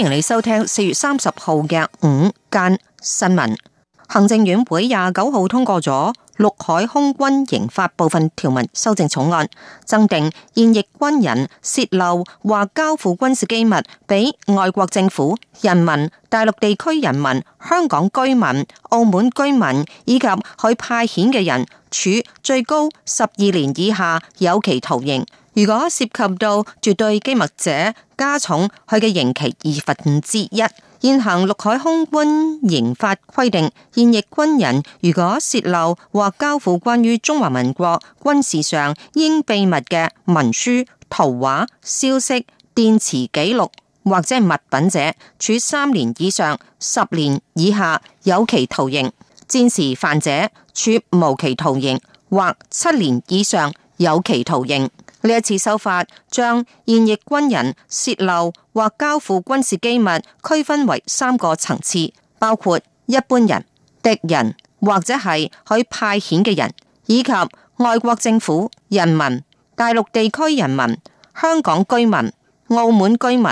歡迎你收聽四月三十號嘅午間新聞。行政院會廿九號通過咗《陸海空軍刑法》部分條文修正草案，增訂現役軍人洩露或交付軍事機密，俾外國政府、人民、大陸地區人民、香港居民、澳門居民以及佢派遣嘅人，處最高十二年以下有期徒刑。如果涉及到絕對機密者，加重佢嘅刑期二分之一。現行陸海空軍刑法規定，現役軍人如果泄露或交付關於中華民國軍事上應秘密嘅文書、圖畫、消息、電磁紀錄或者物品者，處三年以上十年以下有期徒刑；戰時犯者，處無期徒刑或七年以上有期徒刑。呢一次修法將現役軍人泄漏或交付軍事機密區分為三個層次，包括一般人、敵人或者係佢派遣嘅人，以及外國政府人民、大陸地區人民、香港居民、澳門居民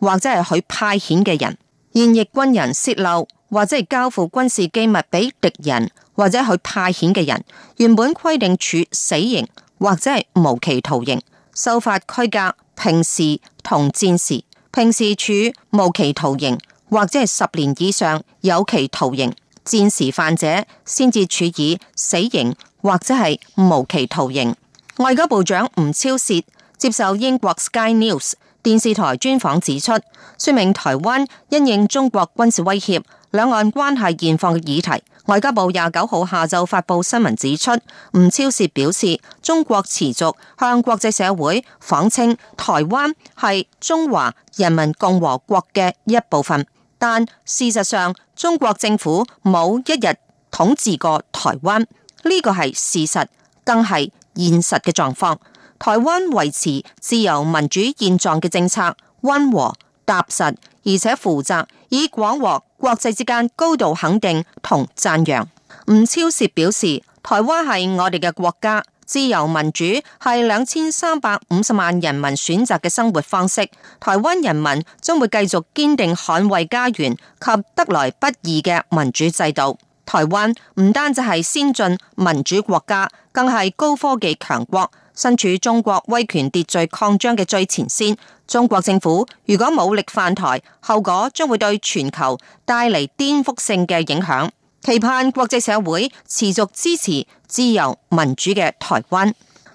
或者係佢派遣嘅人。現役軍人泄漏或者係交付軍事機密俾敵人或者佢派遣嘅人，原本規定處死刑。或者係無期徒刑、受罰、區隔、平時同戰時、平時處無期徒刑或者係十年以上有期徒刑、戰時犯者先至處以死刑或者係無期徒刑。外交部長吳釗燮接受英國 Sky News 電視台專訪指出，說明台灣因應中國軍事威脅、兩岸關係現況嘅議題。外交部廿九號下午發佈新聞指出，吳釗燮，表示中國持續向國際社會謊稱台灣係中華人民共和國嘅一部分，但事實上中國政府冇一日統治過台灣，呢、這個係事實，更係現實嘅狀況。台灣維持自由民主現狀嘅政策温和。踏實而且負責，以廣獲國際之間高度肯定同讚揚。吳釗燮表示台灣係我哋嘅國家，自由民主係兩千三百五十萬人民選擇嘅生活方式。台灣人民將會繼續堅定捍衛家園及得來不易嘅民主制度。台灣唔單只係先進民主國家，更係高科技強國。身處中國威權秩序擴張嘅最前線，中國政府如果武力犯台，後果將會對全球帶嚟顛覆性嘅影響。期盼國際社會持續支持自由民主嘅台灣。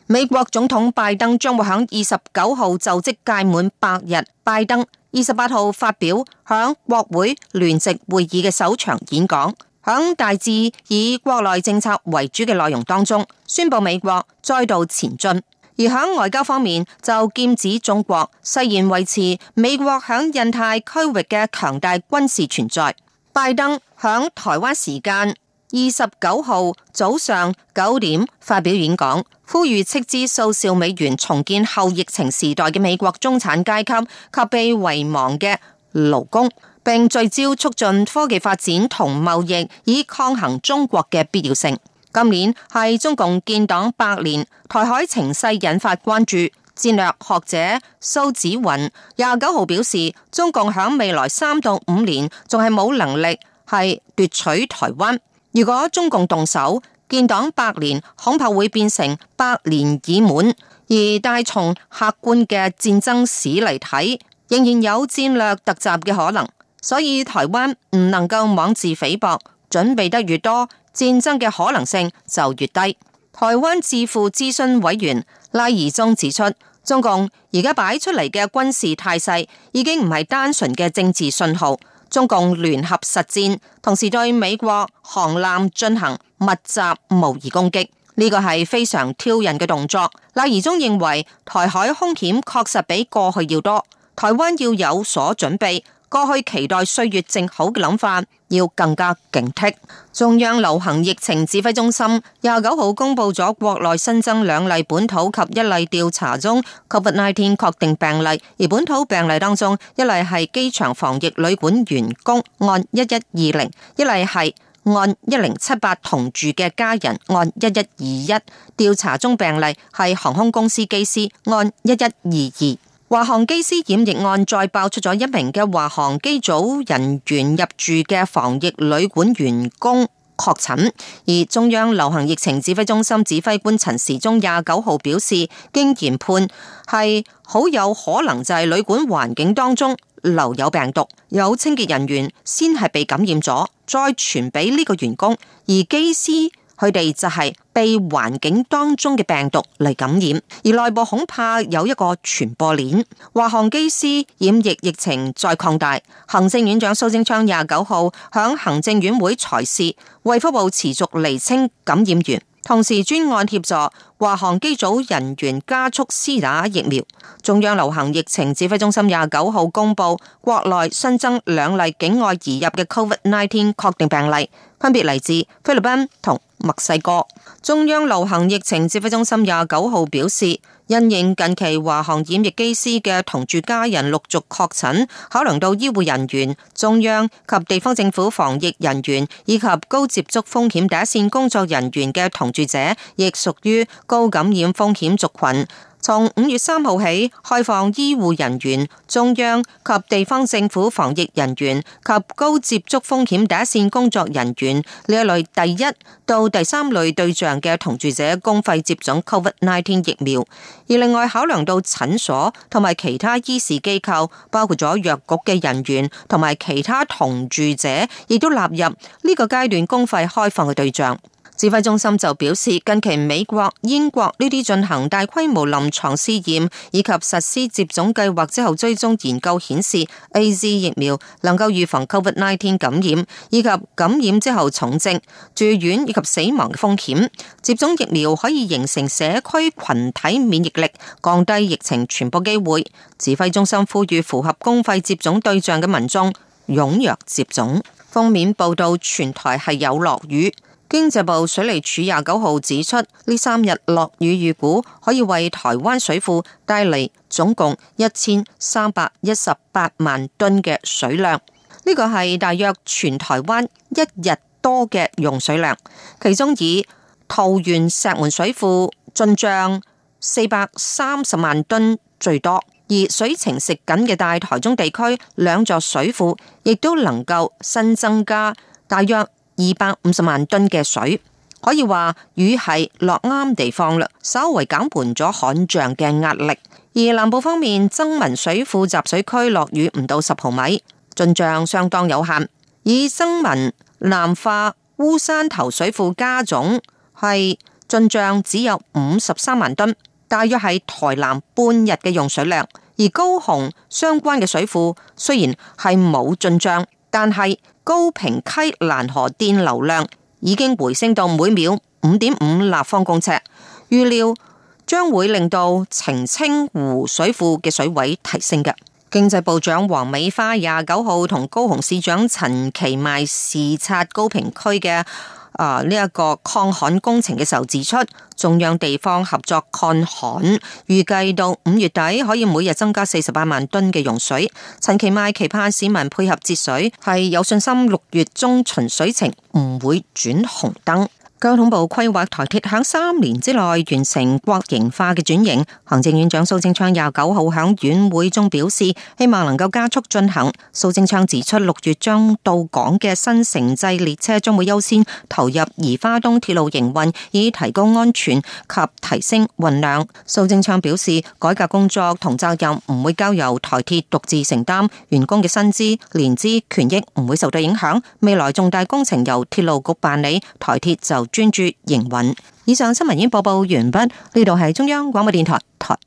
美國總統拜登將會喺二十九號就職屆滿百日，拜登二十八號發表響國會聯席會議嘅首場演講。喺大致以國內政策為主嘅內容當中，宣布美國再度前進；而喺外交方面，就劍指中國，誓言維持美國響印太區域嘅強大軍事存在。拜登喺台灣時間二十九號早上九點發表演講，呼籲斥資數兆美元重建後疫情時代嘅美國中產階級及被遺忘嘅勞工。並聚焦促進科技發展同貿易，以抗衡中國嘅必要性。今年係中共建黨百年，台海情勢引發關注。戰略學者蘇紫雲廿九號表示，中共響未來三到五年仲係冇能力係奪取台灣。如果中共動手，建黨百年恐怕會變成百年已滿。而但係從客觀嘅戰爭史嚟睇，仍然有戰略突襲嘅可能。所以，台灣唔能夠妄自菲薄，準備得越多，戰爭嘅可能性就越低。台灣智庫諮詢委員賴宜中指出，中共而家擺出嚟嘅軍事態勢已經唔係單純嘅政治信號。中共聯合實戰，同時對美國航艦進行密集模擬攻擊，呢個係非常挑釁嘅動作。賴宜中認為，台海空險確實比過去要多，台灣要有所準備。過去期待歲月靜好嘅諗法，要更加警惕。中央流行疫情指揮中心廿九號公布咗國內新增兩例本土及一例調查中 COVID-19 確定病例，而本土病例當中一例係機場防疫旅館員工案一一二零，一例係案一零七八同住嘅家人案一一二一，調查中病例係航空公司機師案一一二二。華航機師染疫案再爆出咗一名嘅華航機組人員入住嘅防疫旅館員工確診，而中央流行疫情指揮中心指揮官陳時中廿九號表示，經研判係好有可能就係旅館環境當中留有病毒，有清潔人員先係被感染咗，再傳俾呢個員工而機師。佢哋就係被環境當中嘅病毒嚟感染，而內部恐怕有一個傳播鏈。華航機師染疫疫情再擴大，行政院長蘇貞昌廿九號響行政院會裁示，衛福部持續釐清感染源，同時專案協助，華航機組人員加速施打疫苗。中央流行疫情指揮中心廿九號公布，國內新增兩例境外移入嘅 COVID-19 確定病例，分別嚟自菲律賓同墨西哥。中央流行疫情指揮中心廿九號表示，因應近期華航染疫機師嘅同住家人陸續確診，考量到醫護人員、中央及地方政府防疫人員以及高接觸風險第一線工作人員嘅同住者，亦屬於。高感染風險族群，從五月三號起開放醫護人員、中央及地方政府防疫人員及高接觸風險第一線工作人員呢一類第一到第三類對象嘅同住者公費接種 COVID-19 疫苗。而另外考量到診所同埋其他醫事機構，包括咗藥局嘅人員同埋其他同住者，亦都納入呢個階段公費開放嘅對象。指揮中心就表示，近期美國、英國呢啲進行大規模臨床試驗以及實施接種計劃之後，追蹤研究顯示 AZ 疫苗能夠預防 COVID-19 感染，以及感染之後重症、住院以及死亡嘅風險。接種疫苗可以形成社區群體免疫力，降低疫情傳播機會。指揮中心呼籲符合公費接種對象嘅民眾踊躍接種。封面報道：全台係有落雨。經濟部水利署廿九號指出，呢三日落雨預估可以為台灣水庫帶嚟總共一千三百一十八萬噸嘅水量，呢個係大約全台灣一日多嘅用水量。其中以桃園石門水庫進賬四百三十萬噸最多，而水情食緊嘅大台中地區兩座水庫亦都能夠新增加大約，二百五十萬噸嘅水，可以話雨係落啱地方啦，稍為減緩咗旱象嘅壓力。而南部方面，曾文水庫集水區落雨唔到十毫米，進賬相當有限。以曾文、南化、烏山頭水庫加總係進賬只有五十三萬噸，大約係台南半日嘅用水量。而高雄相關嘅水庫雖然係冇進賬，但係。高屏溪攔河電流量已經回升到每秒五點五立方公尺，預料將會令到澄清湖水庫嘅水位提升嘅。經濟部長黃美花廿九號同高雄市長陳其邁視察高屏區嘅。啊！呢、這、一個抗旱工程嘅時候指出，中央地方合作抗旱，預計到五月底可以每日增加四十八萬噸嘅用水。陳其邁期盼市民配合節水，係有信心六月中旬水情唔會轉紅燈。交通部規劃台鐵喺三年之內完成國營化嘅轉型。行政院長蘇貞昌廿九號響院會中表示，希望能夠加速進行。蘇貞昌指出，六月將到港嘅新城際列車將會優先投入宜花東鐵路營運，以提高安全及提升運量。蘇貞昌表示，改革工作同責任唔會交由台鐵獨自承擔，員工嘅薪資、年資、權益唔會受到影響。未來重大工程由鐵路局辦理，台鐵就。專注營運。以上新聞已經播報完畢。呢度係中央廣播電台台。